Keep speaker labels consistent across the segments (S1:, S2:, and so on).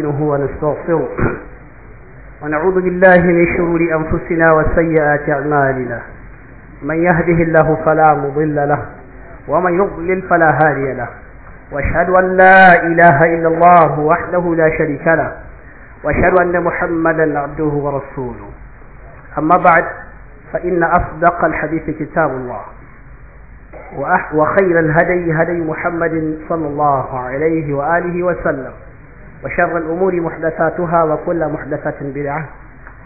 S1: نستعينه ونستغفره ونعوذ بالله من شرور أنفسنا وسيئات أعمالنا من يهده الله فلا مضل له ومن يضلل فلا هادي له واشهد أن لا إله إلا الله وحده لا شريك له واشهد أن محمدا عبده ورسوله أما بعد فإن أصدق الحديث كتاب الله وخير الهدي هدي محمد صلى الله عليه وآله وسلم وشر الأمور محدثاتها وكل محدثة بدعة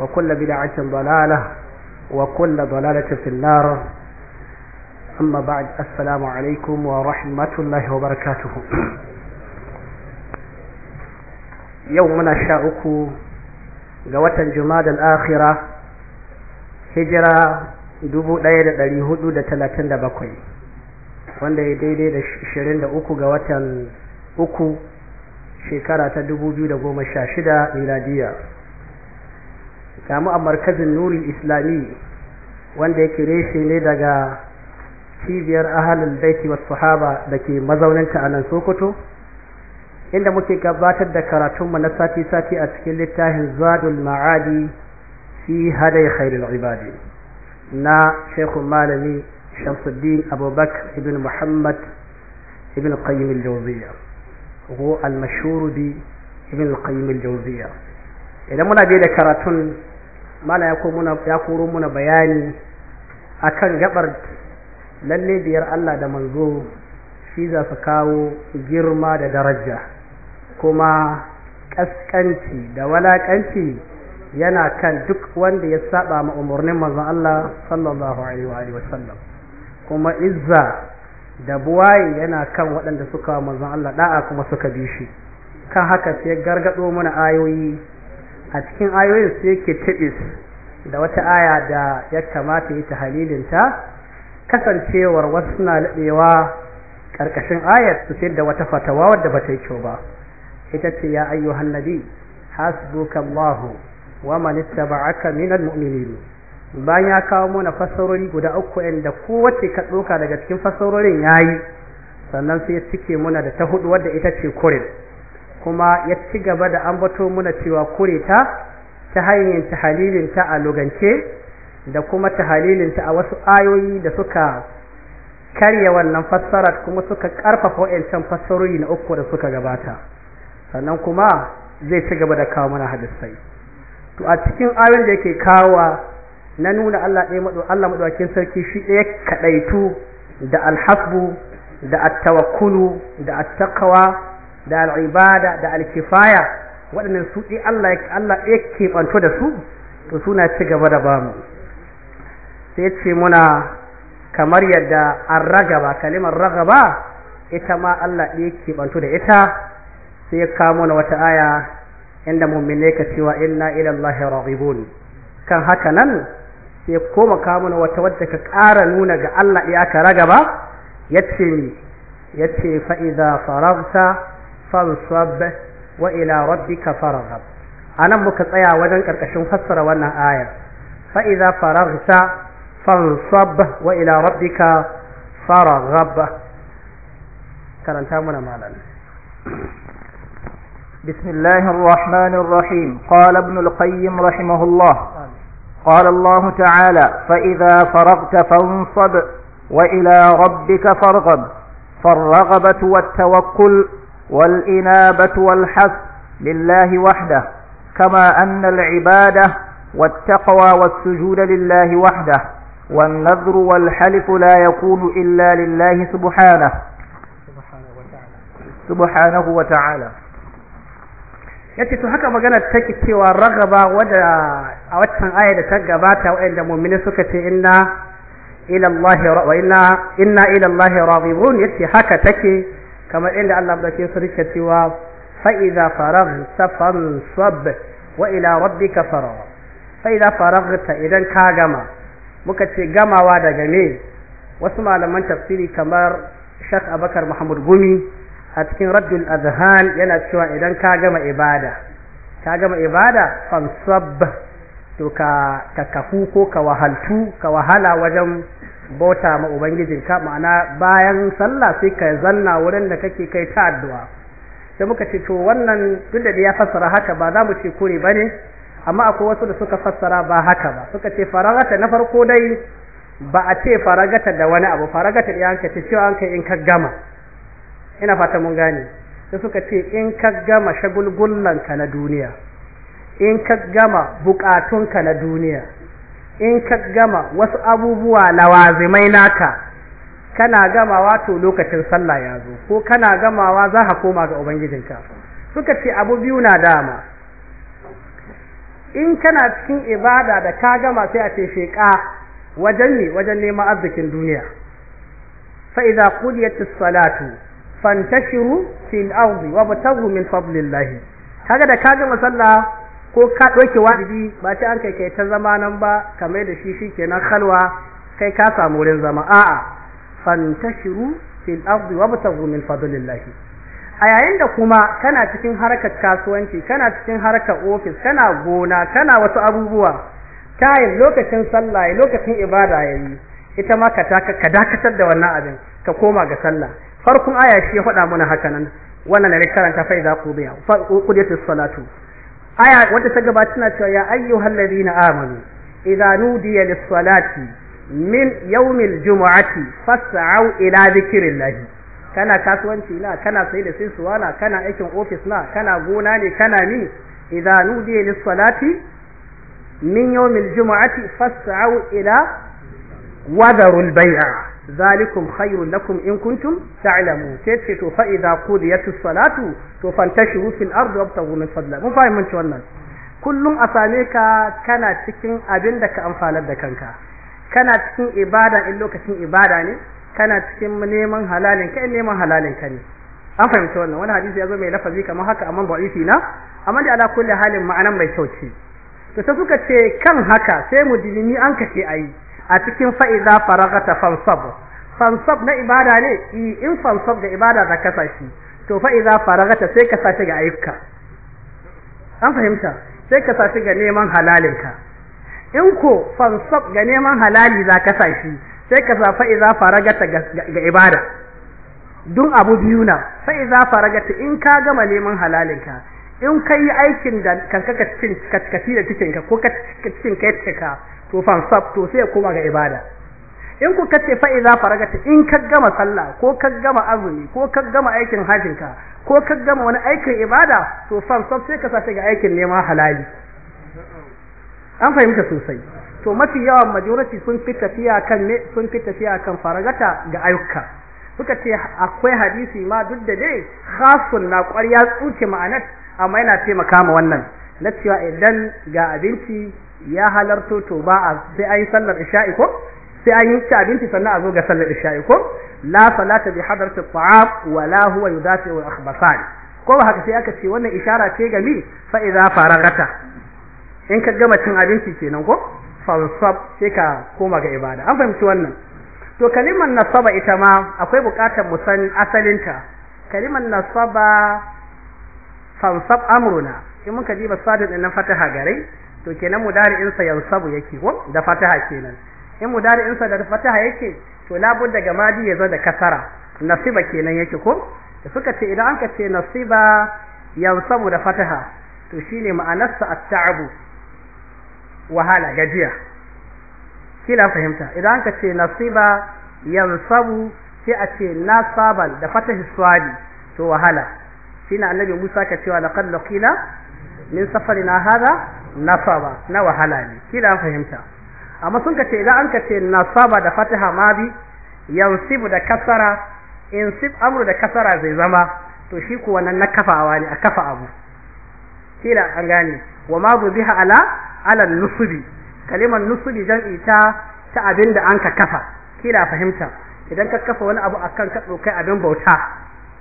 S1: وكل بدعة ضلالة وكل ضلالة في النار أما بعد السلام عليكم ورحمة الله وبركاته يومنا شاءكو قوة الجماد الآخرة هجرة دبو دايرة da ɗari hudu da talatin da دا wanda ya daidai shekara ta 2016 miladiya kamu a markazin nurul islami wanda ya yake reshe ne daga cibiyar ahalin baiti was sahaba ke mazauninta a nan Sokoto inda muke gabatar da karatunmu na sati-sati a cikin littafin Zadul Ma'adi fi hadai khairul ibadi na Sheikhu Malami Shamsuddin Abubakar ibn Muhammad ibn Qayyim al-Jawziyya هو المشهور بابن القيم الجوزية idan muna bai da karatun mala ya koro muna bayani akan gaɓar lalle biyar Allah da manzo shi za su kawo girma da daraja kuma ƙasƙanci da walaƙanci yana kan duk wanda ya saba ma umarnin manzon Allah sallallahu alaihi wa sallam kuma izza da buwaye yana kan waɗanda suka wa manzon Allah da'a kuma suka bi shi kan haka sai gargado mana ayoyi a cikin ayoyin sai yake tibis da wata aya da ya kamata yi halilinta kasancewar wasu suna laɗewa ƙarƙashin ayar su sai da wata fatawa wadda ba ta yi kyau ba ita ce ya ayyuhan nabi hasbuka mahu wa man ittaba'aka minal mu'minin bayan ya kawo mana fasarori guda uku inda kowace ka daga cikin fassarorin ya yi sannan sai ya cike muna da ta hudu wadda ita ce kurin kuma ya ci gaba da an bato muna cewa kure ta ta hanyar ta a lugance da kuma tahalilinta a wasu ayoyi da suka karya wannan fassara kuma suka karfafa wa'ancan fassarori na uku da suka gabata sannan kuma zai ci gaba da kawo mana hadisai to a cikin ayoyin da yake kawo na nuna Allah ɗaya maɗo Allah maɗaukin sarki shi ɗaya kaɗaitu da alhasbu da attawakkulu da attaqwa da al'ibada da alkifaya waɗannan su ɗaya Allah Allah ɗaya keɓanto da su to suna ci gaba da bamu sai ce muna kamar yadda an ragaba kalimar ragaba ita ma Allah ɗaya keɓanto da ita sai ya kawo mana wata aya inda mummine ka cewa inna ila Allah raghibun kan haka nan sai koma ka wata wadda ka ƙara nuna ga Allah ya ka ragaba ya yace ni yace fa idza faragta fansab wa ila rabbi rabbika farghab anan muka tsaya wajen karkashin fassara wannan aya fa idza faragta wa ila rabbi ka farghab
S2: karanta mana malam بسم الله الرحمن الرحيم قال ابن القيم رحمه الله قال الله تعالى فإذا فرغت فانصب وإلى ربك فارغب فالرغبة والتوكل والإنابة والحث لله وحده كما أن العبادة والتقوى والسجود لله وحده والنذر والحلف لا يكون إلا لله سبحانه سبحانه وتعالى
S1: yace to haka magana take cewa ragaba wada a waccan aya da ta gabata wanda mu'mini suka ce inna ila Allah wa inna inna ila Allah radibun yace haka take kamar inda Allah da ke sarki cewa fa idza faraghta fansab wa ila rabbika faragh fa idza faraghta idan ka gama muka ce gamawa daga ne wasu malaman tafsiri kamar Sheikh Abakar Muhammad Gumi a cikin raddul azhan yana cewa idan ka gama ibada ka gama ibada sab to ka kafu ko ka wahaltu ka wahala wajen bauta ma ubangijin ka, ma'ana bayan sallah sai ka zanna wurin da kake kai ta addu'a sai muka ce to wannan duk da ya fassara haka ba za mu ce kure bane amma akwai wasu da suka fassara ba haka ba suka ce faragata na farko dai ba a ce faragata da wani abu faragata da ce cewa an kai in ka gama ina fata mun gane sai suka ce in ka gama shagulgullanka na duniya in ka gama bukatunka na duniya in ka gama wasu abubuwa lawazimai naka kana gamawa to lokacin sallah ya zo ko kana gamawa za ka koma ga ubangijinka suka ce abu biyu na dama in kana cikin ibada da ka gama sai a ce sheƙa wajen ne wajen neman arzikin duniya fa idza qudiyat salatu fantashiru fil ardi batahu min fadlillah kaga da kaga masalla ko ka doke wajibi ba ta an kai kai ta zama nan ba kamar da shi shikenan kalwa kai ka samu wurin zama a'a fantashiru fil ardi batahu min fadlillah a yayin da kuma kana cikin harkar kasuwanci kana cikin harkar ofis kana gona kana wasu abubuwa tayin lokacin sallah lokacin ibada yayi ita ma ka dakatar da wannan abin ka koma ga sallah farkon aya shi ya faɗa mana haka nan wannan da karanta fa idza qudiya fa qudiyatis salatu aya wanda ta gaba tana cewa ya ayyuhal ladina amanu idza nudiya lis salati min yawmil jumu'ati fas'au ila dhikrillahi kana kasuwanci na kana sai da sai suwana kana aikin office na kana gona ne kana ni idza nudiya lis salati min yawmil jumu'ati fas'au ila wadarul bai'a zalikum khairul lakum in kuntum ta'lamu sai ce to fa idza qudiyatus salatu to fantashiru fil ardi wabtaghu min fadla mun fahimci wannan kullum a same ka kana cikin abin da ka amfanar da kanka kana cikin ibada in lokacin ibada ne kana cikin neman halalin ka in neman halalin ka ne an fahimci wannan wani hadisi ya zo mai lafazi kama haka amma ba'ifi na amma ala kulli halin ma'anan mai kyau ce suka ce kan haka sai mu dilimi an kace ayi a cikin fa'iza faragata fansab fansab na ibada ne in fansab ga ibada za ka sashi to fa'iza faragata sai ka sashi ga ayyuka an fahimta sai ka sashi ga neman halalinka in ko fansab ga neman halali za ka sashi sai ka sa fa'iza faragata ga ibada dun abu biyu na fa'iza faragata in ka gama neman halalinka in ka yi aikin da kankaka cikin kaci da cikinka ko cikin kai cika to sab to sai ya koma ga ibada in ku kace fa idza faragata in ka gama sallah ko ka gama azumi ko ka gama aikin hajin ka ko ka gama wani aikin ibada to sab sai ka sace ga aikin neman halali an fahimta sosai to mafi yawan majority sun fi tafiya kan ne sun fi tafiya kan faragata ga ayyuka suka ce akwai hadisi ma duk da dai khasun na ƙwarya tsuke ma'anar amma yana taimaka ma wannan na cewa idan ga abinci ya halarto to ba a sai an yi sallar isha'i ko sai an yi abinci sannan a zo ga sallar isha'i ko la salata bi hadarati ta'am wa la huwa yudafi wa akhbasan ko haka sai aka ce wannan ishara ce ga mi fa idza faragata in ka gama cin abinci kenan ko sab sai ka koma ga ibada an fahimci wannan to kalimar nasaba ita ma akwai bukatar mu san asalinta kalimar nasaba fansab amruna in muka ba sadin nan fataha garai to kenan mudari'in sa yansabu yake ko da fataha kenan in mudari'in sa da fataha yake to labudda ga madi ya zo da kasara nasiba kenan yake ko da suka ce idan anka ce nasiba yansabu da fataha to shine ma'anarsa at-ta'abu wahala gajiya kila fahimta idan anka ce nasiba yansabu sai a ce nasaban da fatahi suwadi to wahala shine annabi Musa ka cewa laqad laqina min safarina hada nasaba na wahala ne kila an fahimta amma sun kace idan an kace nasaba da fataha bi yansibu da kasara insib amru da kasara zai zama to shi ku wannan na kafawa ne a kafa abu kila an gane wa ma biha ala ala nusbi kalimar nusbi dan ta ta abinda an ka kafa kila fahimta idan ka kafa wani abu akan ka dokai abin bauta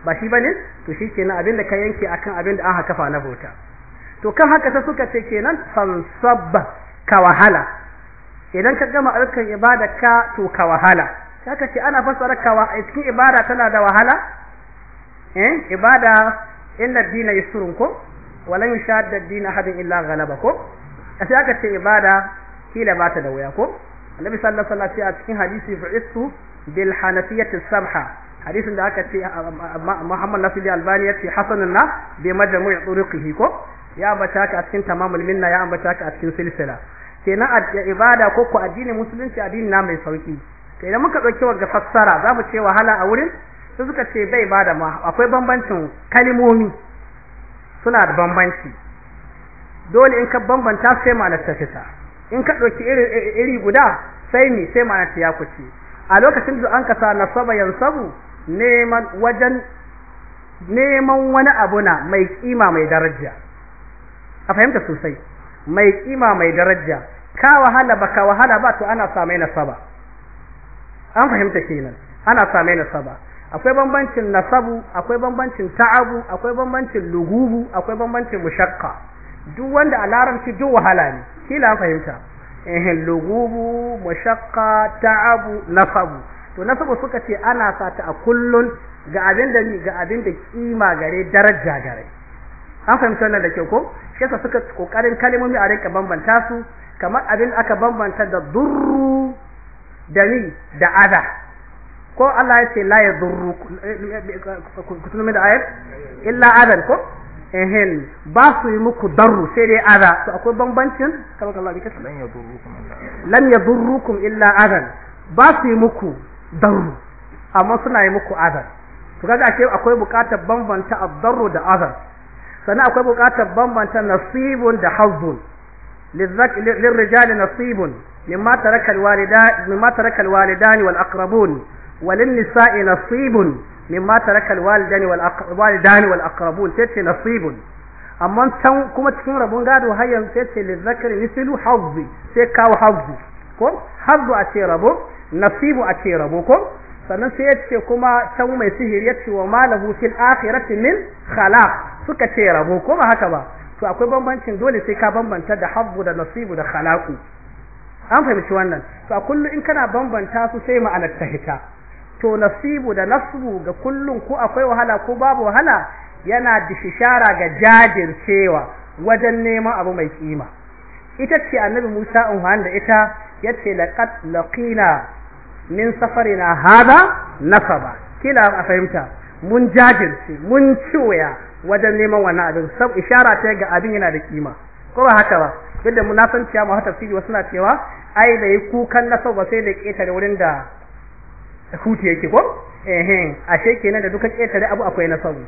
S1: ba shi bane to shi kenan abinda ka yanke akan abinda an ka kafa na bauta to kan haka ta suka ce kenan fansabba ka wahala idan ka gama alkan ibada ka to ka wahala haka ce ana fassara ka cikin ibada tana da wahala eh ibada inna dina yusrun ko walan yushadda dina hadin illa ghalaba ko sai aka ce ibada kila ba ta da waya ko annabi sallallahu alaihi wasallam a cikin hadisi bu'istu bil hanafiyyati sabha hadisin da aka ce Muhammad Nasir Albani ya ce hasanun na bi majmu'i turuqihi ko ya ambata ka a cikin tamamul minna ya ambata ka a cikin silsila kenan ibada ko ku addini musulunci addini na mai sauki kai da muka dauki wanga fassara za mu ce wahala a wurin su suka ce bai ibada ma akwai bambancin kalimomi suna da bambanci dole in ka bambanta sai ma'anar ta fita in ka dauki iri iri guda sai ni sai ma'anar ta yakuce a lokacin da an sa nasaba yansabu neman wajen neman wani abuna mai kima mai daraja a fahimta sosai mai kima mai daraja ka wahala ba ka wahala ba to ana same nasaba an fahimta kenan ana same nasaba akwai bambancin nasabu akwai bambancin ta'abu akwai bambancin lugubu akwai bambancin mushakka duk wanda a larabci duk wahala ne kila an fahimta eh lugubu mushakka ta'abu nasabu to nasabu suka ce ana sata a kullun ga abin da ga abin kima gare daraja gare an fahimci wannan da kyau ko shi yasa suka kokarin kalmomi a rinka bambanta su kamar abin aka bambanta da durru da ni da ada ko Allah ya ce la ya durru kutunumi da ayat illa adan ko ehen ba su yi muku darru sai dai ada to akwai bambancin kamar Allah bi kace lam yadurrukum illa adan ba su yi muku darru amma suna yi muku adan to kaga akwai bukatar bambanta ad-darru da adan sannan akwai buƙatar bambanta nasibun da hazzun للرجال نصيب مما ترك الوالدان مما ترك الوالدان والأقربون وللنساء نصيب mimma taraka alwalidani wal aqrabani wal aqrabun tace nasibun amma kuma cikin rabon gado har yanzu tace lizakari mislu hazzi sai kawo hazzi ko hazzu a rabo nasibu a rabo ko sannan sai yace kuma tan mai sihiri yace wa malahu fil akhirati min khalaq suka ce rabo ko ba haka ba to akwai bambancin dole sai ka bambanta da habbu da nasibu da khalaqu an fahimci wannan to a kullu in kana bambanta su sai ma'anar ta hita to nasibu da nasbu ga kullun ko akwai wahala ko babu wahala yana dishishara ga jajircewa wajen neman abu mai kima ita ce annabi Musa unhan da ita yace laqad laqina min safarina hada nasaba kila a fahimta mun jajirce mun ciwaya wajen neman wannan abin sab ishara ta ga abin yana da kima ko ba haka ba yadda mu na san cewa mu tafsiri wasu na cewa ai da yi kukan na ba sai da ketare wurin da hutu yake ko eh ashe kenan da duka ketare abu akwai na sabu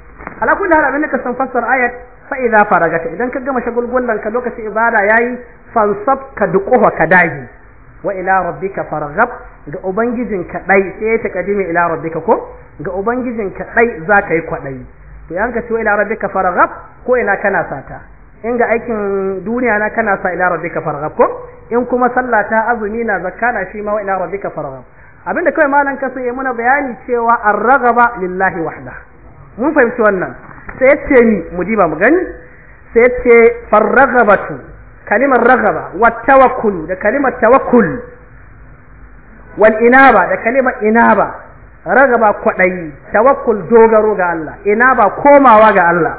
S1: da har abin da ka san fassar ayat fa idza faragata idan ka gama shagulgullan ka lokacin ibada yayi fansab ka duquha ka dagi wa ila rabbika gab ga ubangijin ka dai sai ta kadime ila rabbika ko ga ubangijin ka dai zaka yi kwaɗayi. to yanka ce ila rabbika farghab ko ina kana sata in ga aikin duniya na kana sa ila rabbika farghab ko in kuma ta azumi na zakka na shi ma ila rabbika farghab abinda kawai malan ka ya muna bayani cewa ar-raghaba lillahi wahda mun fahimci wannan sai yace ni diba mu gani sai yace farraghabatu kalimar raghaba wa tawakkul da kalimar tawakkul wal inaba da kalimar inaba ragaba kwaɗayi tawakkul dogaro ga Allah ina ba komawa ga Allah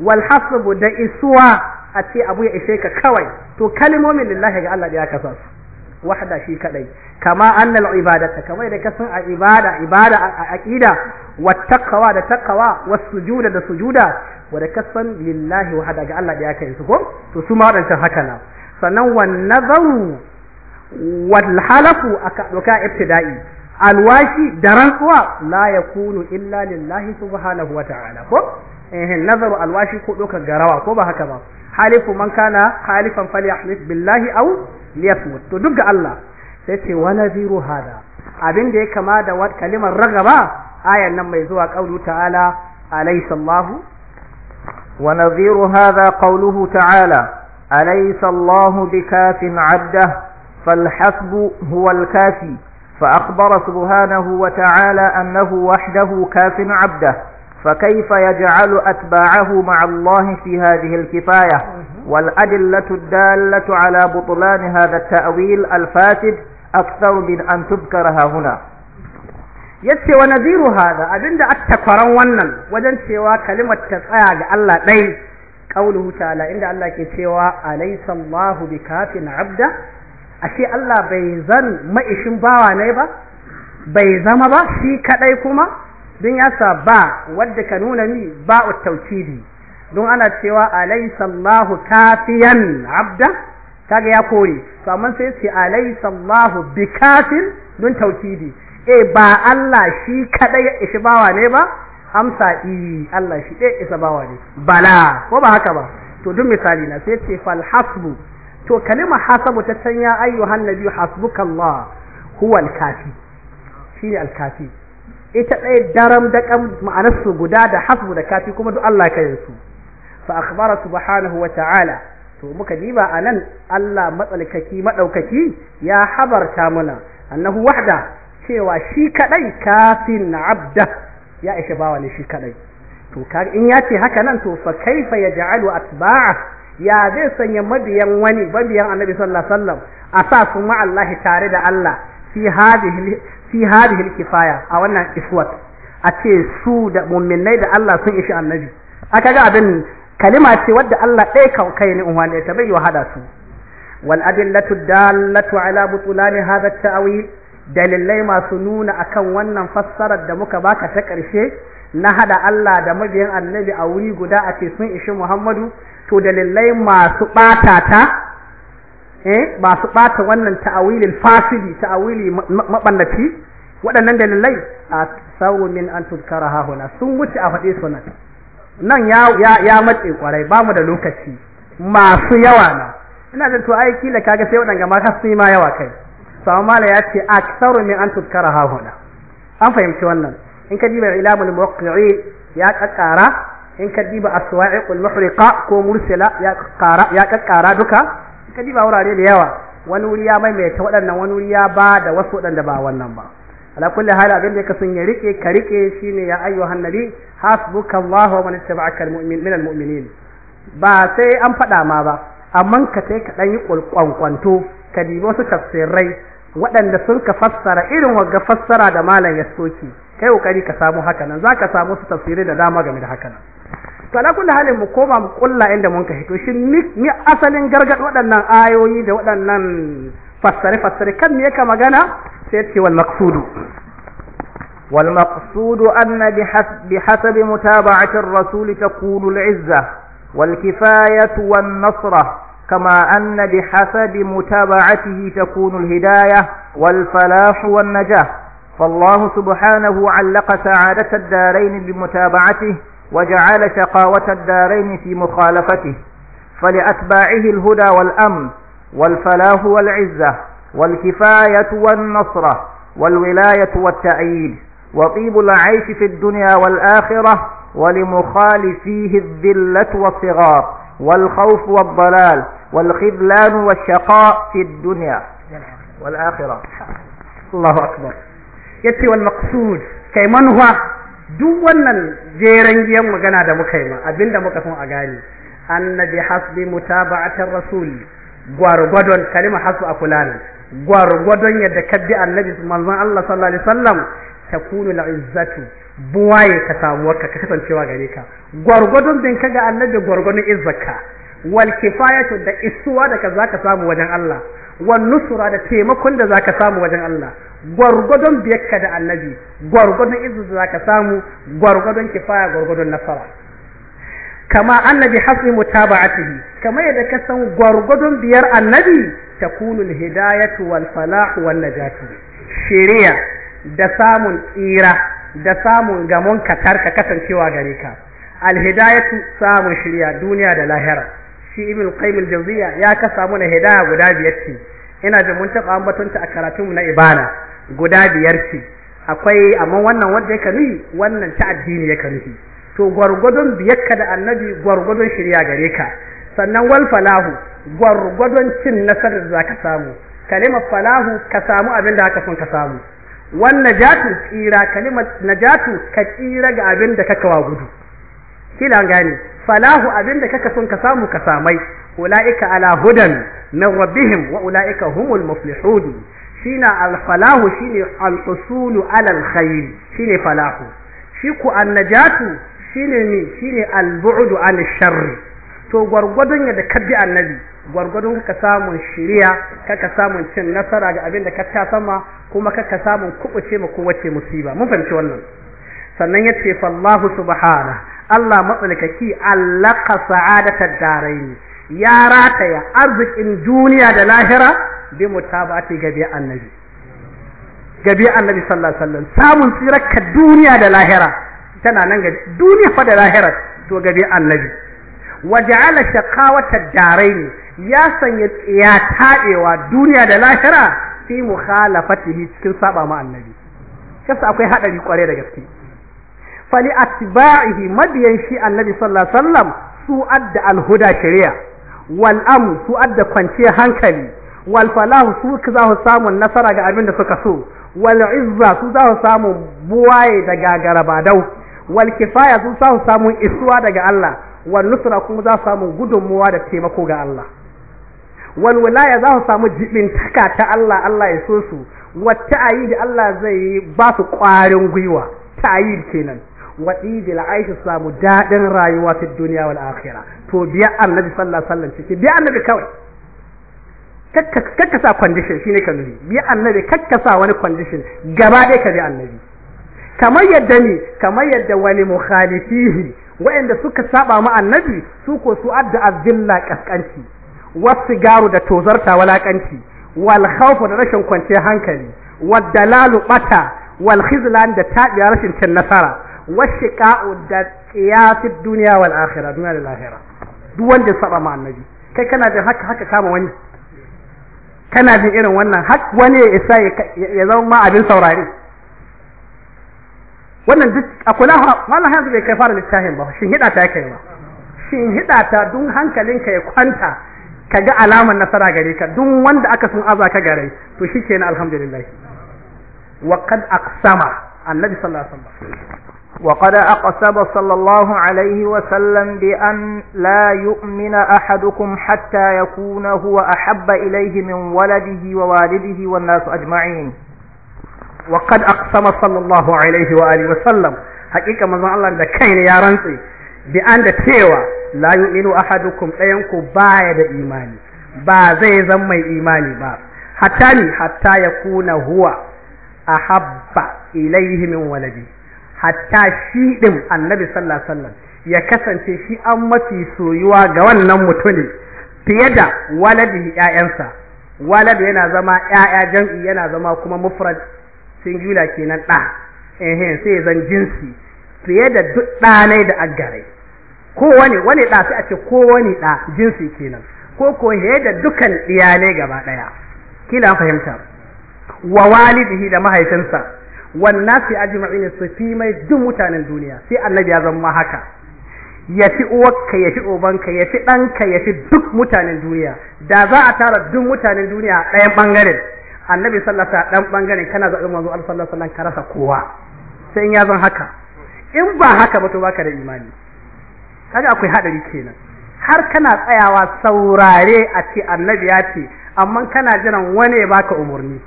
S1: wal hasbu da isuwa a ce abu ya ishe ka kawai to kalimomin lillahi ga Allah da ya kasa su wahda shi kadai kama annal ibadata kamar da kasan a ibada ibada a aqida wa taqwa da taqwa was sujuda da sujuda wa da kasan lillahi wahda ga Allah da ya kai su ko to su ma haka na sannan wan nazaru wal halafu aka doka ibtida'i alwashi da rantsuwa la kunu illa lillahi subhanahu wa ta'ala ko eh nazaru alwashi ko doka garawa ko ba haka ba halifu man kana halifan falyahlif billahi aw liyasmut to duk ga Allah sai ce wa naziru hada abin da ya kama da wat kalimar ragaba ayan nan mai zuwa
S2: qaulu ta'ala alaysa Allahu wa naziru hada qauluhu ta'ala alaysa Allahu bikafin 'abdahu فالحسب هو الكافي فأخبر سبحانه وتعالى أنه وحده كاف عبده فكيف يجعل أتباعه مع الله في هذه الكفاية والأدلة الدالة على بطلان هذا التأويل الفاسد أكثر من أن تذكرها هنا يسي ونذير هذا أبند أتكرا
S1: ونن وذن سوى كلمة تفايا لألا بي قوله تعالى عند الله كي سوى أليس الله بكاف عبده ashe Allah bai zan ma'ishin bawa ne ba bai zama ba shi kadai kuma din ya sa ba wanda ka nuna ni ba tawkidi don ana cewa alaysa Allahu kafiyan abda kaga ya kore to amma sai ce alaysa Allahu bikafin don tawkidi eh ba Allah shi kadai ya ishi bawa ne ba amsa i Allah shi dai isa bawa ne bala ko ba haka ba to duk misali na sai ce fal hasbu to kalima hasabu ta can ya ayyuhan nabi hasbukallah huwa alkafi shine alkafi ita ɗaya daram da ma'anarsu ma'anar su guda da hasbu da kafi kuma duk Allah ka yansu fa akhbara subhanahu wa ta'ala to muka diba anan Allah matsalkaki madaukaki ya habarta mana annahu wahda cewa shi kadai kafin abda ya ishe bawa ne shi kadai to in ya ce haka nan to fa kaifa yaj'alu atba'a ya zai sanya mabiyan wani babiyan annabi sallallahu alaihi wasallam a sa su ma Allah tare da Allah fi hadhihi fi kifaya a wannan iswat a ce su da mu'minai da Allah sun ishi annabi aka ga abin kalima ce wadda Allah ɗaya kan kai ne umma ne ta hada su wal adillatu dallatu ala butulani hadha at-ta'wil dalilai masu nuna akan wannan fassarar da muka baka ta ƙarshe na hada Allah da mabiyan annabi a wuri guda a ce sun ishi Muhammadu to dalilai masu ɓata ta eh masu ɓata wannan ta'awilin fasidi ta'awili maɓallaci waɗannan dalilai a sauru min an tunkara hahuna sun wuce a faɗe su nan nan ya matse kwarai ba mu da lokaci masu yawa na ina da to ai kila kaga sai waɗanga ma ka ma yawa kai to amma ya ce aktsaru min an tunkara hahuna an fahimci wannan in ka diba ilamul muqri ya kakkara in ka diba aswa'iqul muhriqa ko mursila ya kara duka in ka diba wurare da yawa wani wuri ya maimaita waɗannan wani wuri ya ba da wasu waɗanda ba wannan ba ala kulli hali abin da sun ya rike ka rike shine ya ayyuhan nabi hasbuka Allah wa man ittaba'aka almu'min min almu'minin ba sai an faɗa ma ba amma ka sai ka dan yi kwankwanto ka dibi wasu tafsirai waɗanda sun ka fassara irin wagga fassara da malam ya soki kai kokari ka samu haka nan zaka samu su tafsirai da dama game da haka nan to kun halin mu koma mu kulla inda mun ka hito shi ni asalin gargad wadannan ayoyi da wadannan fassare fassare kan me yake
S2: magana sai ce wal maqsudu wal maqsudu anna bi bihasab mutaba'ati ar-rasul taqulu al-izza wal kifayatu wan nasra كما أن بحسب متابعته تكون الهداية والفلاح والنجاة فالله سبحانه علق سعادة الدارين بمتابعته وجعل شقاوة الدارين في مخالفته فلأتباعه الهدى والأمن والفلاه والعزة والكفاية والنصرة والولاية والتأييد وطيب العيش في الدنيا والآخرة ولمخالفيه الذلة والصغار والخوف والضلال والخذلان والشقاء في الدنيا والآخرة الله أكبر يتي والمقصود كيمن هو duk
S1: wannan jeren giyan magana da muka yi ma abinda muka son a gani. annabi hasbi mutaba'atar rasul gwargwadon kalima hasu a kulani gwargwadon yadda kabbi annabi manzon Allah sallallahu alaihi wasallam takunu al'izzatu buwaye ka samu warka ka kasancewa gare ka gwargwadon bin ka ga annabi gwargwadon izzaka wal kifayatu da isuwa da ka zaka samu wajen Allah wan nusra da taimakon da zaka samu wajen Allah gurgudun biyakka da annabi gurgudun izu da zaka samu gurgudun kifaya gurgudun nasara kama annabi hasbi mutaba'atihi kama yadda ka san gurgudun biyar annabi takunu alhidayatu wal falah wal najatu shari'a da samun tsira da samun gamon katar ka kasancewa gare ka alhidayatu samun shirya duniya da lahira shi ibn qayyim al-jawziya ya kasa mana hidaya guda biyar ce ina da mun taba ambatonta a karatun mu na ibana guda biyar ce akwai amma wannan wanda yake nuhi wannan ta addini yake nuhi to gwargwadon ka da annabi gwargwadon shirya gare ka sannan wal falahu gwargwadon cin nasarar da ka samu kalimar falahu ka samu abin da haka sun ka samu wan najatu tsira kalimar najatu ka tsira ga abin da kaka gudu kila gane falahu abinda kaka son ka samu ka samai ulaika ala hudan na rabbihim wa ulaika humul muflihun shi na alfalahu shine al usulu shine falahu shi ku annajatu shine ne shine al bu'du an sharri to gwargwadon yadda ka bi annabi gwargwadon ka samu shiriya kaka samu cin nasara ga abinda ka ta sama kuma kaka samun kubuce ma kowace musiba mun fahimci wannan sannan yace fallahu subhana Allah matsalkaki allaka sa'adatar ne ya rataya arzikin duniya da lahira bi mutabati gabi annabi gabi annabi sallallahu alaihi wasallam samun tsirarka duniya da lahira tana nan ga duniya fa da lahira to gabi annabi waja'ala shaqawata daraini ya sanya ya tabewa duniya da lahira fi mukhalafatihi cikin saba ma annabi kasa akwai hadari kware da gaske fali atba'ihi mabiyan shi annabi sallallahu alaihi wasallam su adda alhuda shari'a wal am su adda kwanciyar hankali wal falah su za su samu nasara ga abin da suka so wal izza su za su samu buwaye daga garabadau wal kifaya su za su samu isuwa daga Allah wal nusra kuma za su samu gudunmuwa da taimako ga Allah wal wilaya za su samu jibin taka ta Allah Allah ya so su wata ayi da Allah zai ba su ƙwarin gwiwa ta ayi kenan wa idil aisha samu daɗin rayuwa ta duniya wal akhirah to biya annabi sallallahu alaihi wasallam ciki biya annabi kawai kakka condition shine ka nuni biya annabi kakka wani condition gaba dai ka bi annabi kamar yadda ne kamar yadda wani mukhalifihi waɗanda suka saba ma annabi su ko su adda azilla kaskanci wasu garu da tozarta walakanci wal khawfu da rashin kwanciyar hankali wad dalalu bata wal khizlan da tabiya rashin cin nasara washiqa'u da qiyasud dunya wal akhirah duniya da lahira duk wanda saba ma annabi kai kana da haka haka kama wani kana jin irin wannan hak wani ya isa ya zama ma abin saurari wannan duk a kula wannan hanzu bai kai fara littafin ba shin hida ta kai ba shin hida ta dun hankalinka ya kwanta ka ga alamar nasara gare ka dun wanda aka sun aza ka gare to shikenan alhamdulillah
S2: wa qad aqsama النبي صلى الله عليه وسلم وقد أقسم صلى الله عليه وسلم بأن لا يؤمن أحدكم حتى يكون هو أحب إليه من ولده ووالده والناس أجمعين وقد أقسم صلى الله عليه وآله وسلم حقيقة من الله
S1: لكين يا رنسي بأن تيوى لا يؤمن أحدكم أينكو بايد إيماني با زي زمي إيماني با حتى حتى يكون هو أحب ilaihi min waladi hatta shi din annabi sallallahu alaihi wasallam ya kasance shi an mafi soyuwa ga wannan mutune fiye da waladi ƴaƴansa waladi yana zama ƴaƴa jam'i yana zama kuma mufrad singular kenan ɗa eh sai zan jinsi fiye da duk ɗanai da aggare ko wani ɗa sai a ce ko wani ɗa jinsi kenan ko ko da dukan iyalai gaba ɗaya kila fahimta wa walidihi da mahaifinsa wannan fi ajma'in su fi mai duk mutanen duniya sai annabi ya zama haka ya fi uwarka ya fi ubanka ya fi ɗanka ya fi duk mutanen duniya da za a tara duk mutanen duniya a ɗayan ɓangaren annabi sallata ɗan ɓangaren kana zaɓin manzo Allah sallallahu ka rasa kowa sai in ya zan haka in ba haka ba to baka da imani kaga akwai haɗari kenan har kana tsayawa saurare a ce annabi ya ce amma kana jiran wani ya baka umarni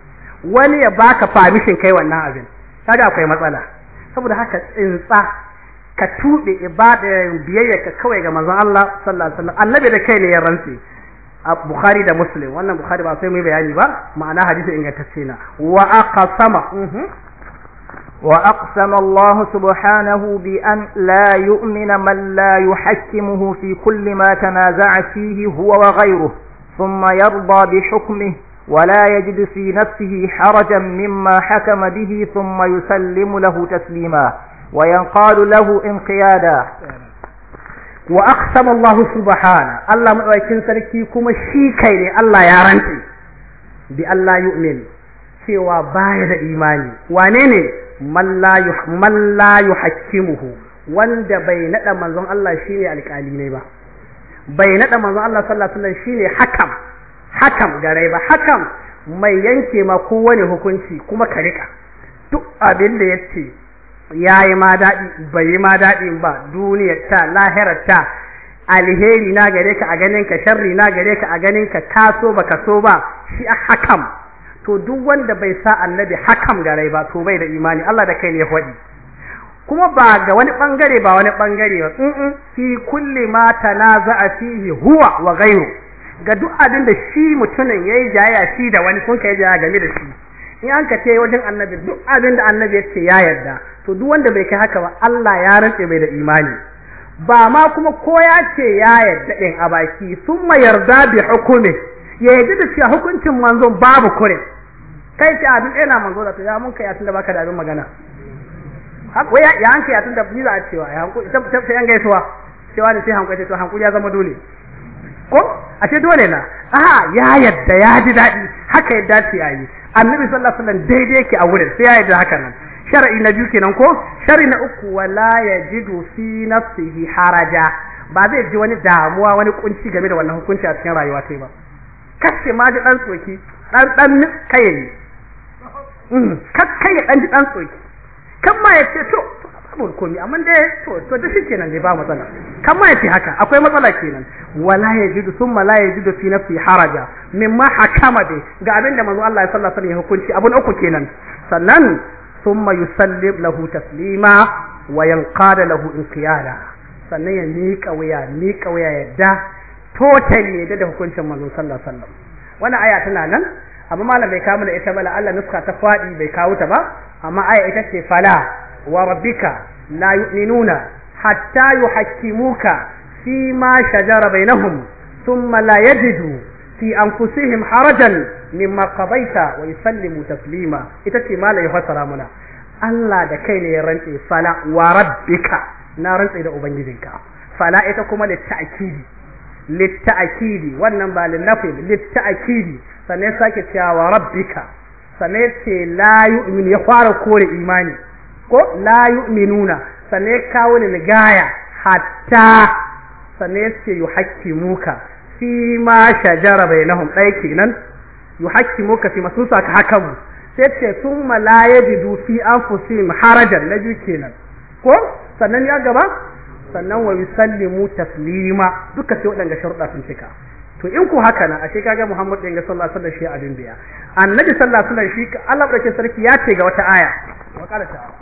S1: wani ya baka permission kai wannan abin kaga akwai matsala saboda haka tsinsa ka tube ibada biyayya ka kawai ga manzon Allah sallallahu alaihi wasallam annabi da kai ne ya rantsi a Bukhari da Muslim wannan Bukhari ba sai mai bayani ba ma'ana hadisi ingantacce na wa
S2: aqsama وأقسم الله سبحانه بأن لا يؤمن من لا يحكمه في كل ما تنازع فيه هو وغيره ثم يرضى بحكمه ولا يجد في نفسه حرجا مما حكم به ثم يسلم له تسليما وينقال له انقيادا واقسم الله سبحانه الله مدوكين
S1: سركي كما شي كاي ne Allah ya rantsi bi Allah yu'min cewa baya da imani wane ne man la yuhakkimuhu wanda bai naɗa manzon Allah shine alƙali ne ba bai nada manzon Allah sallallahu alaihi hakan garai ba hakan mai yanke ma kowane hukunci kuma ka rika duk abin da yace yayi ma daɗi bai yi ma daɗi ba duniyar ta lahirar ta alheri na gare ka a ganin ka sharri na gare ka a ganin ka taso baka so ba shi hakam to duk wanda bai sa annabi hakam garai ba to bai da imani Allah da kai ne faɗi kuma ba ga wani bangare ba wani bangare ba in fi kulli ma tanaza'a fihi huwa wa ghayru ga duk abin da shi mutumin yayi jayayya shi da wani kun kai jayayya game da shi in an ka ce wajen annabi duk abin da annabi ya ce ya yarda to duk wanda bai kai haka ba Allah ya rantse bai da imani ba ma kuma ko ya ce ya yarda din a baki sun ma yarda bi hukumi ya yarda da cewa hukuncin manzon babu kure kai ce abin ɗaya na manzo da ya mun kai a tunda baka da abin magana wai ya hanka ya tunda ni za a cewa ya hanku ta yan gaisuwa cewa da sai hanku ce to hanku ya zama dole ko ashe dole na a ya yadda ya ji daɗi haka yadda ci a yi annabi sallallahu alaihi wasallam daidai yake a wurin sai ya yadda haka nan shar'i na biyu kenan ko shar'i na uku wala yajidu fi nafsihi haraja ba zai ji wani damuwa wani kunci game da wannan hukunci a cikin rayuwa ta ba kace ma ji dan tsoki dan dan kai ne hmm, kai kakkai dan ji dan tsoki kan ma yace to saboda komi amma dai to to da kenan ne ba matsala kan ma yace haka akwai matsala kenan wala yajidu thumma la yajidu fi nafsi haraja mimma hakama bi ga abin da manzo Allah ya sallallahu alaihi hukunci abun uku kenan sannan thumma yusallim lahu taslima wa yanqada lahu inqiyada sannan ya miƙa waya, miƙa wuya yadda totally ne da hukuncin manzo sallallahu alaihi wasallam wannan aya tana nan amma malam bai kawo ita bala Allah nuska ta fadi bai kawo ta ba amma aya ita ce fala wa rabbika la yu'minuna hatta yuhakkimuka fi ma shajara bainahum thumma la yajidu fi anfusihim harajan mimma qadaita wa yusallimu taslima ita ce malai fasara muna Allah da kai ne ya rantse fala wa rabbika na rantse da ubangijinka fala ita kuma litta'kidi litta'kidi wannan ba linnafi litta'kidi sannan sake cewa wa rabbika sannan ce la yu'min ya fara kore imani ko la yu'minuna sanne kawo ne gaya hatta sanne ce muka fi ma shajara bainahum dai kenan muka fi masusa ka hakamu sai ce ma la yajidu fi anfusihim harajan na juke kenan ko sannan ya gaba sannan wa yusallimu taslima duka sai wadanga sharuɗa sun cika to in ku haka na ashe kaga Muhammad din ga sallallahu alaihi wasallam shi abin biya annabi sallallahu alaihi wasallam shi Allah
S2: barke sarki ya ce ga wata aya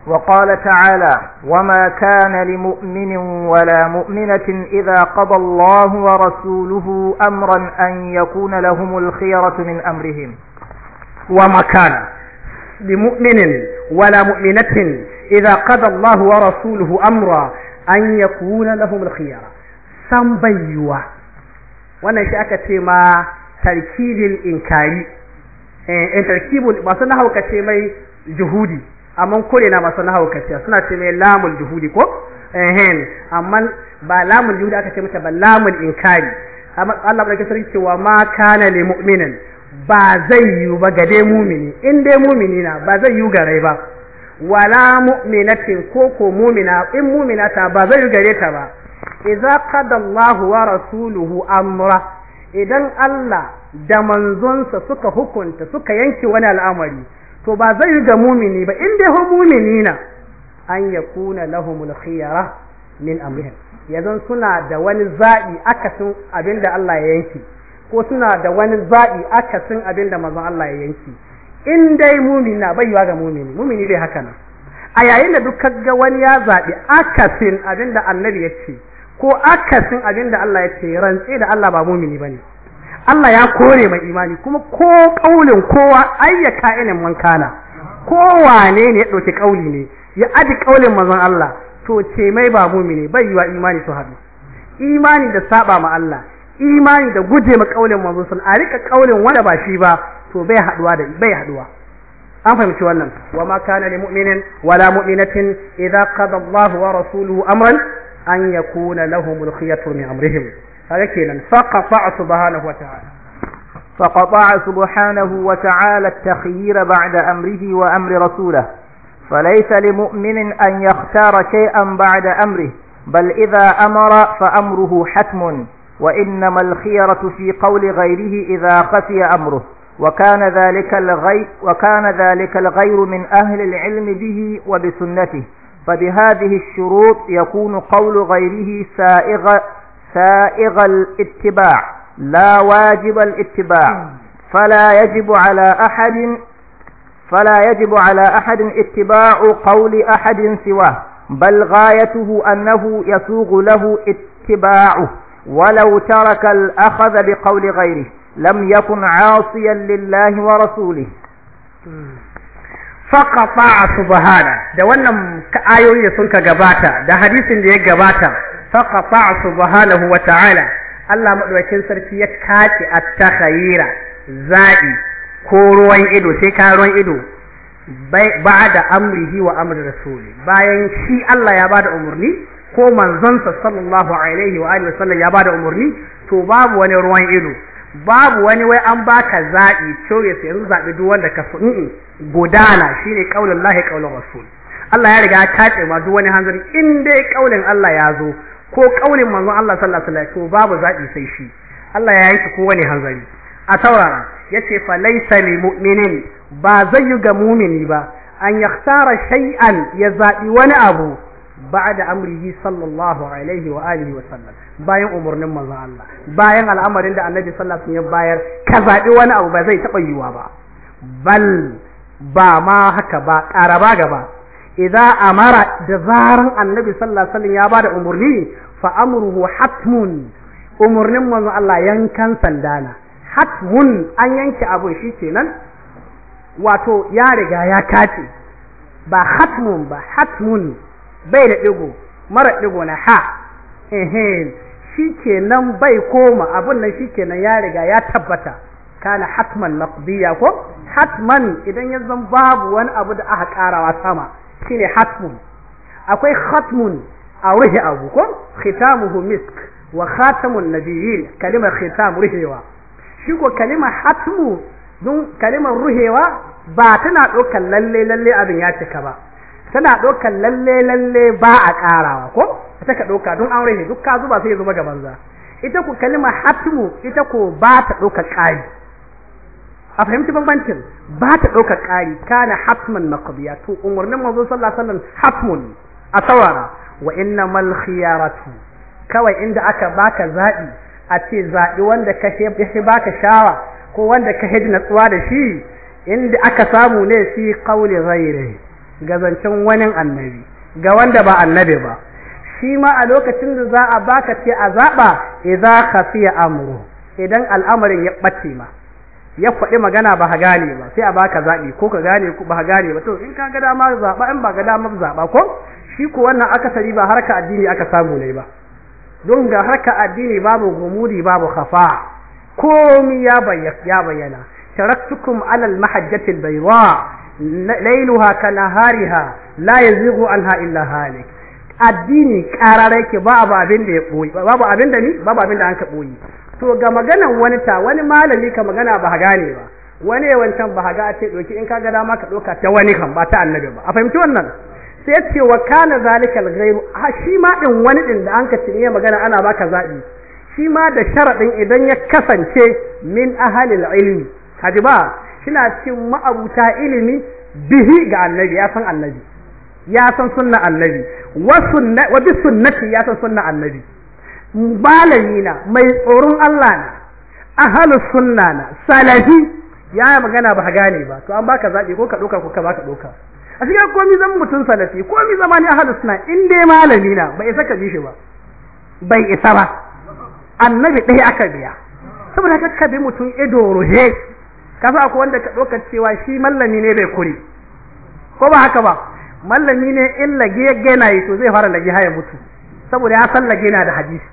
S2: وقال تعالى وما كان لمؤمن ولا مؤمنة إذا قضى الله ورسوله أمرا أن يكون لهم الخيرة من أمرهم وما كان لمؤمن ولا مؤمنة إذا قضى الله ورسوله أمرا
S1: أن يكون لهم الخيرة سنبيوه wannan shi aka ce ma tarkibul inkari eh in eh, tarkibul masu na ka ce mai juhudi amma kore na masu nahau ka ce suna ce mai lamul juhudi ko eh amma ba lamul juhudi aka ce mata ba lamul inkari amma Allah barke kasar cewa ma kana lil mu'minin ba zai yiwu ba ga dai mumini in dai mumini na ba zai yi gare ba wala mu'minatin ko ko mumina in mumina ta ba zai yiwu gare ta ba Iza qada wa rasuluhu amra idan Allah da manzonsa suka hukunta suka yanke wani al'amari to ba zai yi ga mumini ba in dai mumini na an ya kuna lahumul khiyara min amrihim yanzu suna da wani zabi akasin abinda Allah ya yanke ko suna da wani zabi akasin abinda manzon Allah ya yanke in dai mumini na bai yiwa ga mumini mumini dai haka nan a yayin da duk ga wani ya zabi akasin abinda annabi ya ce ko akasin abin da Allah ya ce rantsi da Allah ba mumini ne.
S2: Allah ya kore mai
S1: imani kuma ko kaulin kowa ayyaka inin man kana wane ne ya dauki kauli ne ya aji kaulin manzon Allah to ce mai ba mumini bai yiwa imani su haɗu imani da saba ma Allah imani da guje ma kaulin manzon sun a rika kaulin wanda ba shi ba to bai haduwa da bai haduwa an fahimci wannan wa ma kana ne mu'minin wala mu'minatin idza qada Allahu wa rasuluhu amran أن يكون lahumul khiyatu min amrihim haka فقطع سبحانه
S2: وتعالى فقطع سبحانه وتعالى التخيير بعد أمره وأمر رسوله فليس لمؤمن أن يختار شيئا بعد أمره بل إذا أمر فأمره حتم وإنما الخيرة في قول غيره إذا خفي أمره وكان ذلك الغير, وكان ذلك الغير من أهل العلم به وبسنته فبهذه الشروط يكون قول غيره سائغ سائغ الاتباع لا واجب الاتباع فلا يجب على أحد فلا يجب على أحد اتباع قول أحد سواه بل غايته أنه يسوغ له اتباعه ولو ترك الأخذ بقول غيره لم يكن عاصيا لله ورسوله faqata subhana da wannan ayoyi da sun ka gabata da hadisin
S1: da ya gabata faqata subhanahu wa ta'ala Allah maɗaukin sarki ya kace ta khayira zaɓi ko ruwan ido sai ka ruwan ido ba da amrihi wa amri rasuli bayan shi Allah ya bada umarni ko manzonsa sallallahu alaihi wa alihi wasallam ya bada umarni to babu wani ruwan ido babu wani wai an baka zaɓi cewa sai yanzu zaɓi duk wanda ka sun gudana shine kaulin lahi kaulin rasul Allah ya riga ya tace ma duk wani hanzari in dai kaulin Allah ya zo ko kaulin manzon Allah sallallahu alaihi wasallam babu zaɓi sai shi Allah ya yanke ko wani hanzari a saurara ce fa laysa lil mu'minin ba zai ga mu'mini ba an yaktara shay'an ya zaɓi wani abu ba'da amrihi sallallahu alaihi wa alihi wa sallam bayan umurnin manzon Allah bayan al'amarin da annabi sallallahu alaihi ya bayar ka zaɓi wani abu ba zai taɓa yiwa ba bal ba ma haka ba karaba gaba idza amara da zaran annabi sallallahu alaihi wasallam ya bada umurni fa amruhu hatmun umurnin manzon Allah yankan na. hatmun an yanke abun kenan wato ya riga ya kace ba hatmun ba hatmun bai da ɗigo mara ɗigo na ha ehe kenan bai koma abun nan shi shikenan ya riga ya tabbata kana hatman biya ko hatman idan ya zan babu wani abu da aka karawa sama shine hatmun akwai hatmun a ruhi abu ko khitamuhu misk wa khatamun nabiyyin kalimar khitam ruhewa shi ko kalimar hatmu don kalimar ruhewa ba tana ɗaukar lalle lalle abin ya cika ba tana ɗaukar lalle lalle ba a ƙarawa ko ta ka ɗauka don aure ne duk ka zuba sai ya zama ga banza ita ku kalmar hatimu ita ku ba ta ɗaukar ƙari a fahimci bambancin ba ta ɗaukar ƙari kana hatman maqdiya to umarnin manzo sallallahu alaihi wasallam hatmun a saurara wa innamal khiyaratu kawai inda aka baka zaɓi a ce zaɓi wanda ka shi baka shawa ko wanda ka hidi natsuwa da shi inda aka samu ne fi qawli ghairihi ga zancen wani annabi ga wanda ba annabi ba shi ma a lokacin da za a baka ce a zaɓa idza khafiya amru idan al'amarin ya ɓace ma ya faɗi magana ba gane ba sai a baka zaɓi ko ka gane ko ba gane ba to in ka ga dama zaɓa in ba ga dama zaɓa ko shi ko wannan akasari ba harka addini aka samu ne ba don ga harka addini babu gumudi babu khafa komi ya bayyana taraktukum alal mahajjatil baywa lailuha ka nahariha la yazigu anha illa halik addini karare ke ba abin da ya boyi babu abin da ni babu abin da an ka boyi to ga maganan wani ta wani malami ka magana ba gane ba wani yawancan ba ga ce doki in kaga dama ka doka ta wani kan ba ta annabi ba a fahimci wannan sai ya ce wa kana zalikal ghairu shi ma din wani din da an ka cinye magana ana baka zabi shi ma da sharadin idan ya kasance min ahalil ilmi haji ba shina cikin ma'abuta ilimi bihi ga annabi ya san annabi ya san sunna annabi wa bi sunnati ya san sunna annabi malami na mai tsoron Allah na ahalu sunna na salafi ya yi magana ba gane ba to an baka zaɓi ko ka ɗauka ko ka baka ɗauka a cikin komi zan mutum salafi komi zama ne ahalu sunna in dai malami na bai isa ka bi shi ba bai isa ba annabi ɗaya aka biya saboda haka ka bi mutum ido ruhe kasa akwai wanda ka ɗaukar cewa shi mallami ne bai kuri ko ba haka ba mallami ne in lage gena yi to zai fara lage haya mutu saboda ya san lage na da hadisi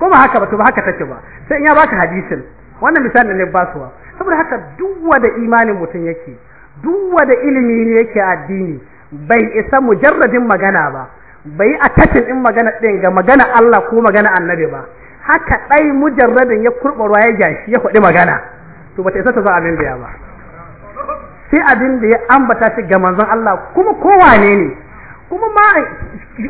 S1: ko ba haka ba to ba haka take ba sai in ya baka hadisin wannan misalin ne ba suwa saboda haka duk wanda imanin mutum yake duk wanda ilimi ne yake addini bai isa mujarradin magana ba bai a attachin in magana din ga magana Allah ko magana annabi ba haka dai mujarradin ya kurɓa ya gashi ya faɗi magana to bata isa ta za abin biya ba sai abin da ya ambata shi ga manzon Allah kuma kowane ne kuma ma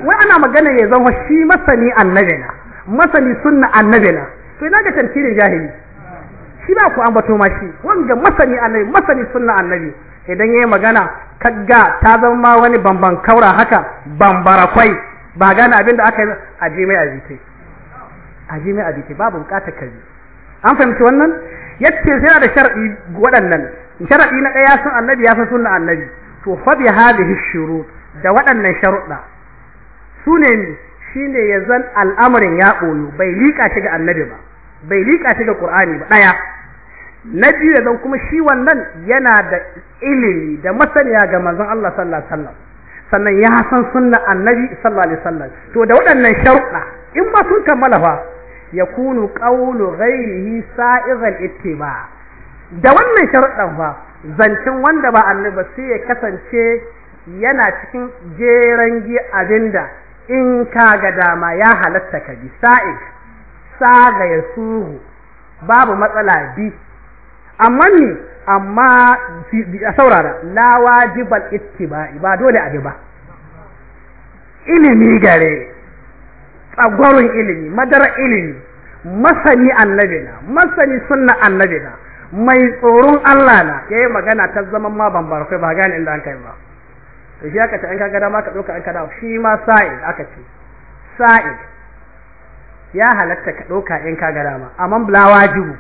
S1: wai ana magana ya zama shi masani annabina masani sunna annabina to ina ga tantirin jahili shi ba ku ambato ma shi wanda masani annabi masani sunna annabi idan yayi magana kagga ta zama wani bamban kaura haka bambara kwai ba gane abin da aka yi a mai a aje mai ajite babu bukatar kaji an fahimci wannan yace yana da shar'i waɗannan shar'i na ɗaya sun annabi ya san sunna annabi to fa bi hadhihi shurut da waɗannan sharuɗa sune shine yazan al'amarin ya boyo bai lika shi ga annabi ba bai lika shi ga qur'ani ba ɗaya na biyu yazan kuma shi wannan yana da ilimi da masaniya ga manzon Allah sallallahu alaihi wasallam sannan ya san sunna annabi sallallahu alaihi wasallam to da waɗannan sharuɗa in ba sun kammala fa yakunu qawlu ghayrihi sa'ighal ittiba da wannan sharɗar fa zancin wanda ba annaba sai ya kasance yana cikin jeran gi abinda in ka ga dama ya halatta ka bi sa'ig saga ya suhu babu matsala bi amma ni amma a saurara la wajibal ittiba ba dole bi ba ilimi gare tsagwaron ilimi madara ilimi masani annabina masani sunna annabina mai tsoron Allah na yayi magana ta zaman ma ban kai ba gane inda an kai ba to shi aka ce an kaga dama ka doka an kada shi ma sa'id aka ce sa'id ya halatta ka doka in kaga dama amma bla wajibu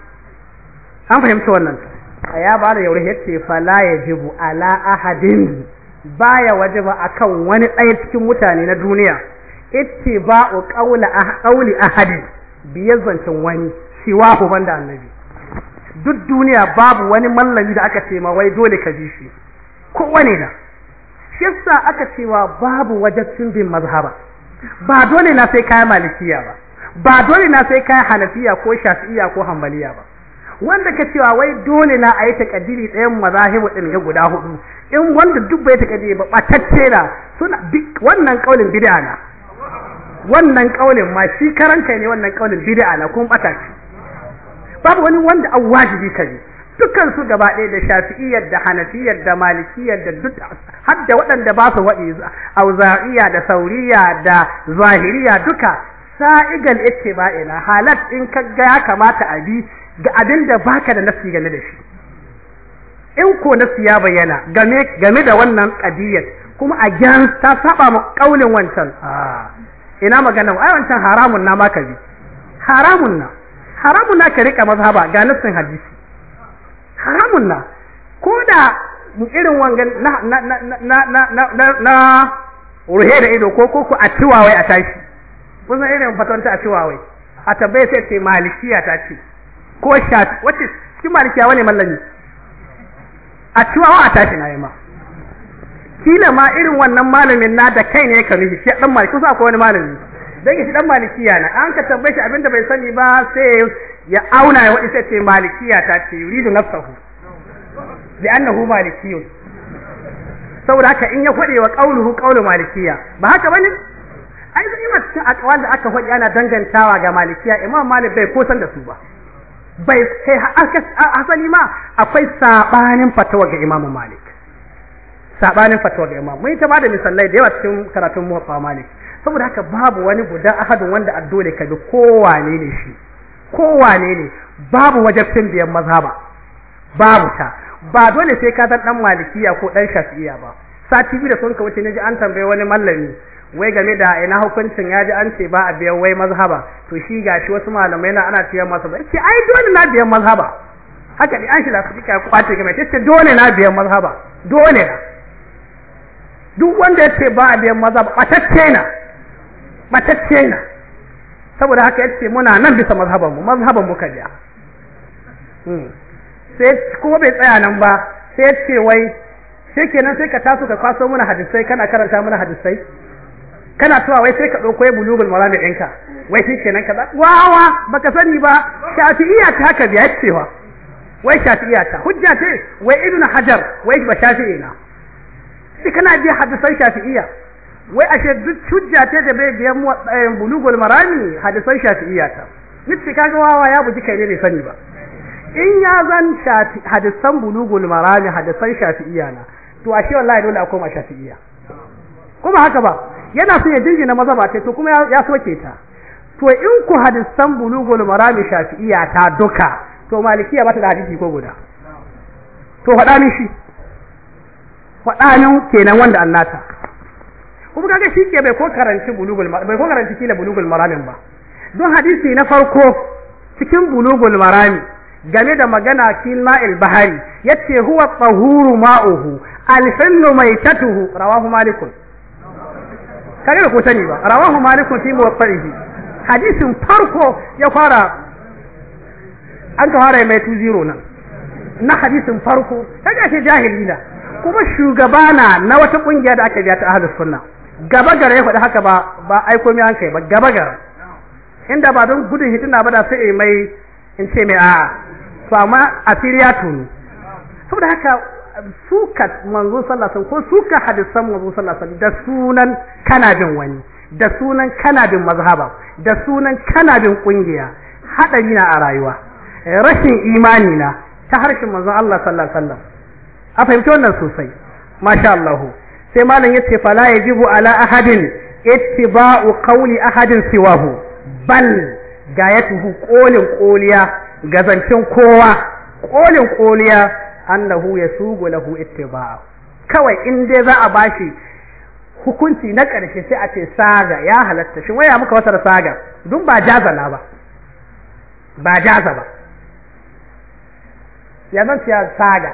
S1: an fahimta wannan a ya ba da yaure yace fala yajibu ala ahadin baya wajiba akan wani ɗaya cikin mutane na duniya ittiba'u qawla qawli ah-, ahadin biyar zancen wani siwahu banda annabi duk duniya babu wani mallami da aka ce ma wai dole ka ji shi ko wani da shi sa aka cewa babu wajen bin mazhaba ba dole na sai kai malikiya ba ba dole na sai kayan hanafiya ko shafi'iya ko hanbaliya ba wanda ka cewa wai dole na ayi yi takaddiri ɗayan mazahibu ɗin ga guda hudu in wanda duk bai takaddiri ba batacce na suna wannan kaulin bid'a na wannan kaulin ma shi karanta ne wannan kaulin bid'a na kun bata shi babu wani wanda an wajibi kaje dukkan su gaba ɗaya da shafi'iyyar da hanafiyyar da malikiyyar da duk har da waɗanda ba su wadi auza'iyya da sauriya da zahiriya duka sa'igal ba'ina halat in ka ga ya kamata a bi ga abin da baka da nasi game da shi in ko nasi ya bayyana game da wannan qadiyyar kuma a gyan ta saba mu kaulin wancan ah. ina magana ai wancan haramun na maka bi haramun na haramun na ka rika mazhaba ga nassin hadisi haramun na ko da irin wangan na na na na na na na ruhe da ido ko ko a tiwawai a tashi kuma irin fatanta a tiwawai a tabbai sai ce malikiya ta ce ko shafi wacce shi malikiya wani mallami a tiwawa a tashi na yi ma kila ma irin wannan malamin na da kai ne ya kanu shi dan maliki sai akwai wani malami dan shi dan ya na an ka tabbai shi abinda bai sani ba sai ya auna ya wadi sai ce ya ta ce yuridu nafsahu bi annahu malikiyun saboda haka in ya fade wa qauluhu qaulu malikiya ba haka bane ai zai ma cikin akwal da aka fadi ana dangantawa ga malikiya imam malik bai san da su ba bai kai asali ma akwai sabanin fatawa ga imam malik sabanin fatwa ga imam mun yi ta ba da misalai da yawa cikin karatun muwatta malik saboda haka babu wani guda ahadin wanda a ka bi kowane ne shi kowane ne babu wajabcin biyan mazhaba babu ta ba dole sai ka san dan malikiya ko dan shafi'iya ba sati biyu da sun ka wuce naji an tambaye wani mallami wai game da ina hukuncin ya ji an ce ba a biyan wai mazhaba to shi gashi wasu malamai na ana masa ba ce ai dole na biyan mazhaba haka ne an shi da su kwace game ce dole na biyan mazhaba dole na duk wanda ya ce ba a biyan maza ba ɓatacce na ɓatacce na saboda haka ya ce muna nan bisa mazhabanmu mazhabanmu ka biya hmm. sai kuma bai tsaya nan ba sai ya ce wai sai kenan sai ka taso ka kwaso muna hadisai kana karanta muna hadisai kana tuwa wai sai ka ɗauko ya bulugul marami ɗinka wai shi kenan kaza wawa baka sani ba shafi ta haka biya cewa wai shafi ta hujja ce wai na hajar wai ba shafi ina. shi kana ji hadisan shafi'iyya wai ashe duk hujja ta da bai biyan eh, bulugul marami hadisan shafi'iyya ta nice kaga wawa ya buji kai ne bai sani ba in ya zan shafi hadisan bulugul marami hadisan shafi'iyya na to ashe wallahi dole akwai ma shafi'iyya kuma haka ba yana so ya dingina maza ba to kuma ya soke ta to in ku hadisan bulugul marami shafi'iyya ta duka to malikiya bata da hadisi ko guda to faɗa ni shi faɗanin min kenan wanda an nata kuma kaga shi ke bai ko karanci bulugul bai ko karanci kila bulugul maramin ba don hadisi na farko cikin bulugul marami game da magana kin ma'il bahari yace huwa tahuru ma'uhu alhillu maitatuhu rawahu malikun kare da ko sani ba rawahu malikun fi muwaffaihi hadisin farko ya fara an ka fara mai 20 nan na hadisin farko kaga shi jahilina kuma shugaba na na wata kungiya da aka biya ta ahlus sunna gaba gara ya faɗi haka ba ba aiko mai hankali ba gaba gara inda ba don gudun hitina ba da sai mai in ce mai a'a to amma a firiya tuni saboda haka suka manzon sallallahu ko suka hadisan manzon sallallahu da sunan kana bin wani da sunan kana bin mazhaba da sunan kana bin kungiya hadari na a rayuwa rashin imani na ta harshen manzon Allah sallallahu alaihi a fahimci wannan sosai masha Allah sai malam ce fala ya yajibu ala ahadin ittiba'u qawli ahadin siwahu bal gayatuhu ƙolin ƙoliya ga zancen kowa qolin qoliya annahu yasugu lahu ittiba'a kawai in dai za a bashi hukunci na ƙarshe sai a ce saga ya halatta shi waya muka wasar saga dun ba jazala ba ba jaza ba ya zan saga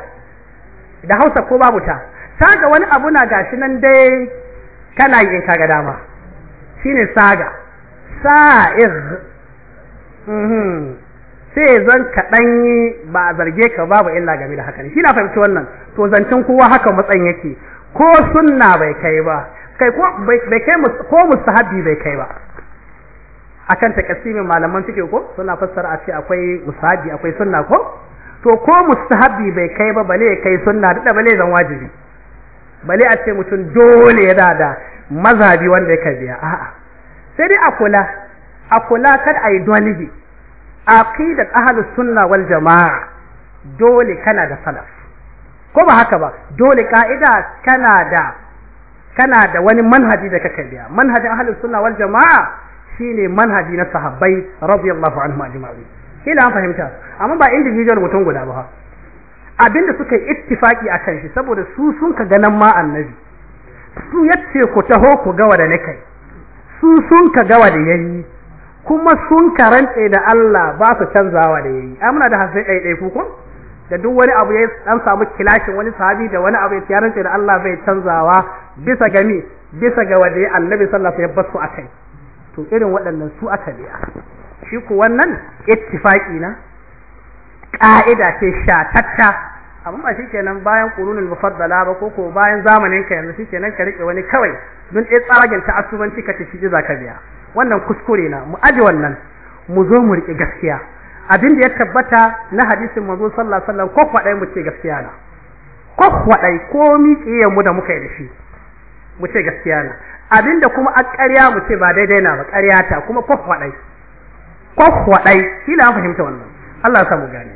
S1: da hausa ko babu ta saga wani abu na gashi nan dai kana yin kaga dama shine saga sa'ir mhm. sai zan kaɗan yi ba a zarge ka babu illa game da hakan shi na fahimci wannan to zancen kowa haka matsayin yake ko sunna bai kai ba kai ko bai kai bai kai ba akan takasimin malaman suke ko suna fassara a ce akwai musahabi akwai sunna ko to ko mustahabi bai kai ba bale kai sunna da bale zan wajibi bale a ce mutum dole ya dada mazhabi wanda ya biya a'a sai dai a kula a kula kada a yi aqidat ahlus sunna wal jamaa dole kana da salaf ko ba haka ba dole ka'ida kana da kana da wani manhaji da kake biya manhajin ahlus sunna wal jamaa shine manhaji na sahabbai radiyallahu anhum ajma'in kila an fahimta amma ba individual mutum guda ba abinda suka yi ittifaki kan shi saboda su sun ka ganan ma annabi su yace ku taho ku ga da nake su sun ka ga da yayi kuma sun ka rantse da Allah ba su canzawa da yayi muna da hasai dai dai ku ko da duk wani abu ya dan samu kilashin wani sahabi da wani abu ya rantsa da Allah bai canzawa bisa gami bisa ga wadai annabi sallallahu alaihi wasallam ya basu akai to irin waɗannan su aka biya shi ku wannan ittifaqi na ƙa'ida ce shatatta amma ba shikenan bayan qurunul mufaddala ba ko ko bayan zamanin ka yanzu shikenan ka rike wani kawai don ɗaya tsagen ta asubanci ka ta shi zaka biya wannan kuskure na mu aje wannan mu zo mu rike gaskiya abin da ya tabbata na hadisin manzo sallallahu alaihi wasallam ko kwadai mu ce gaskiya na ko ko mi da muka yi mu ce gaskiya na abinda kuma a ƙarya mu ce ba daidai na ba ƙarya kuma ko kwakwadai kila fahimta wannan Allah ya samu gane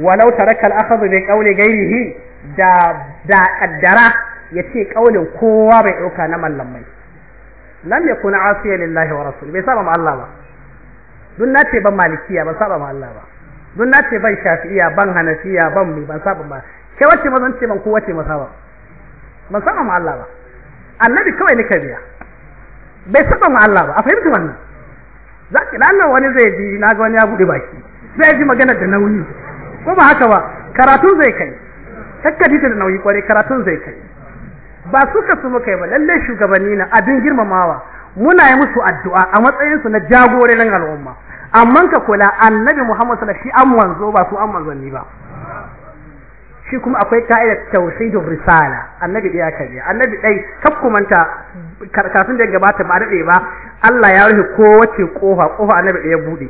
S1: walau taraka al-akhdhu bi qawli ghayrihi da da kaddara yace kaulin kowa bai dauka na mallamai lam yakun asiya lillahi wa rasul bai saba ma Allah ba dun nace ban malikiya ban saba ma Allah ba dun nace ban shafi'iya ban hanafiya ban mai ban saba ba ke wacce mazan ce ban kowace wacce masaba ban saba ma Allah ba annabi kawai nika biya bai saba ma Allah ba a fahimci wannan za ki Allah wani zai ji na ga wani ya buɗe baki zai ji magana da nauyi ko ba haka ba karatun zai kai kakkadi da nauyi kwarai karatun zai kai ba suka su muka yi ba lalle shugabanni na abin girmamawa muna yi musu addu'a a matsayin su na jagororin al'umma amma ka kula annabi Muhammad sallallahu alaihi wasallam shi an ba su an manzanni ba shi kuma akwai ka'ida tauhidin risala annabi da ya kaje annabi dai kakkumanta kafin da gabata ba daɗe ba Allah ya rufe kowace kofa kofa annabi da ya bude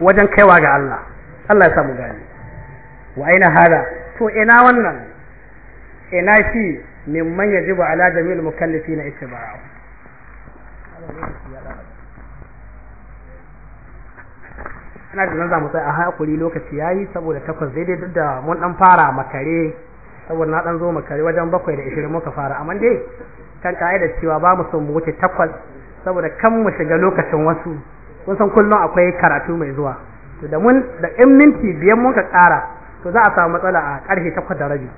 S1: wajen kaiwa ga Allah Allah ya samu gani wa aina hada to ina wannan ina shi mimman yajibu ala jami'il mukallifina ittiba'u ina da za mu a hakuri lokaci yayi saboda takwas daidai duk da mun dan fara makare saboda na dan zo makare wajen bakwai da ishirin muka fara amma dai kan ka'ida cewa ba mu son mu wuce takwas saboda kan mu shiga lokacin wasu kun san kullum akwai karatu mai zuwa to da mun da in minti biyan mun ka ƙara to za a samu matsala a ƙarshe takwas da rabi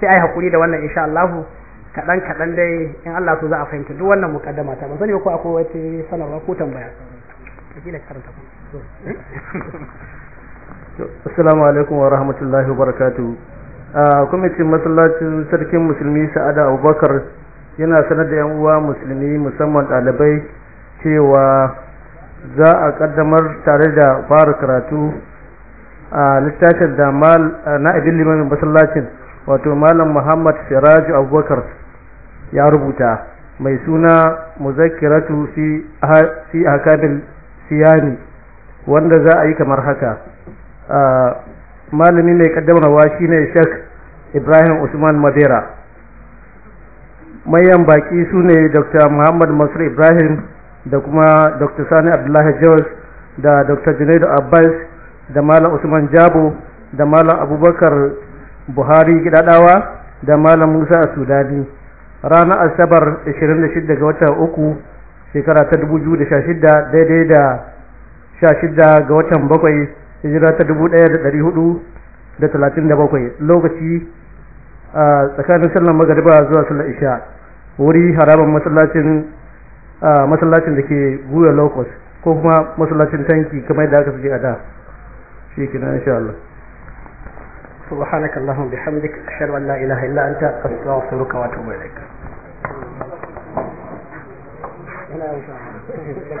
S1: sai ai hakuri da wannan insha Allah kaɗan kaɗan dai in Allah so za a fahimta duk wannan mukaddama ta ban sani ko akwai wata sanarwa ko tambaya kila karanta ku
S3: assalamu alaikum wa rahmatullahi wa barakatu a kwamitin masallacin sarkin musulmi sa'ada abubakar yana sanar da yan uwa musulmi musamman ɗalibai cewa za a kaddamar tare da fara karatu a littafin da na abin limamin masallacin wato malam muhammad siraju abubakar ya rubuta mai suna muzakiratu fi akabil siyami wanda za a yi kamar haka malami mai kaddamarwa shine shek Ibrahim Usman Madera mayan baki su ne Dr. Muhammad masar Ibrahim da kuma Dr. Sani Abdullahi Jos da Dr. Junaidu Abbas da Malam Usman Jabo da Malam Abubakar Buhari Gidadawa da Malam Musa Sudani ranar Asabar 26 ga watan uku shekara ta 2016 daidai da 16 ga watan bakwai hijira ta 1437 lokaci a tsakanin sallar magariba zuwa sallar isha wuri haraban masallacin a masallacin da ke buya locus ko kuma masallacin tanki kamar da aka fi a da shi kenan insha Allah
S1: subhanaka سبحانك اللهم بحمدك أشهد أن لا إله إلا أنت أستغفرك وأتوب
S4: إليك.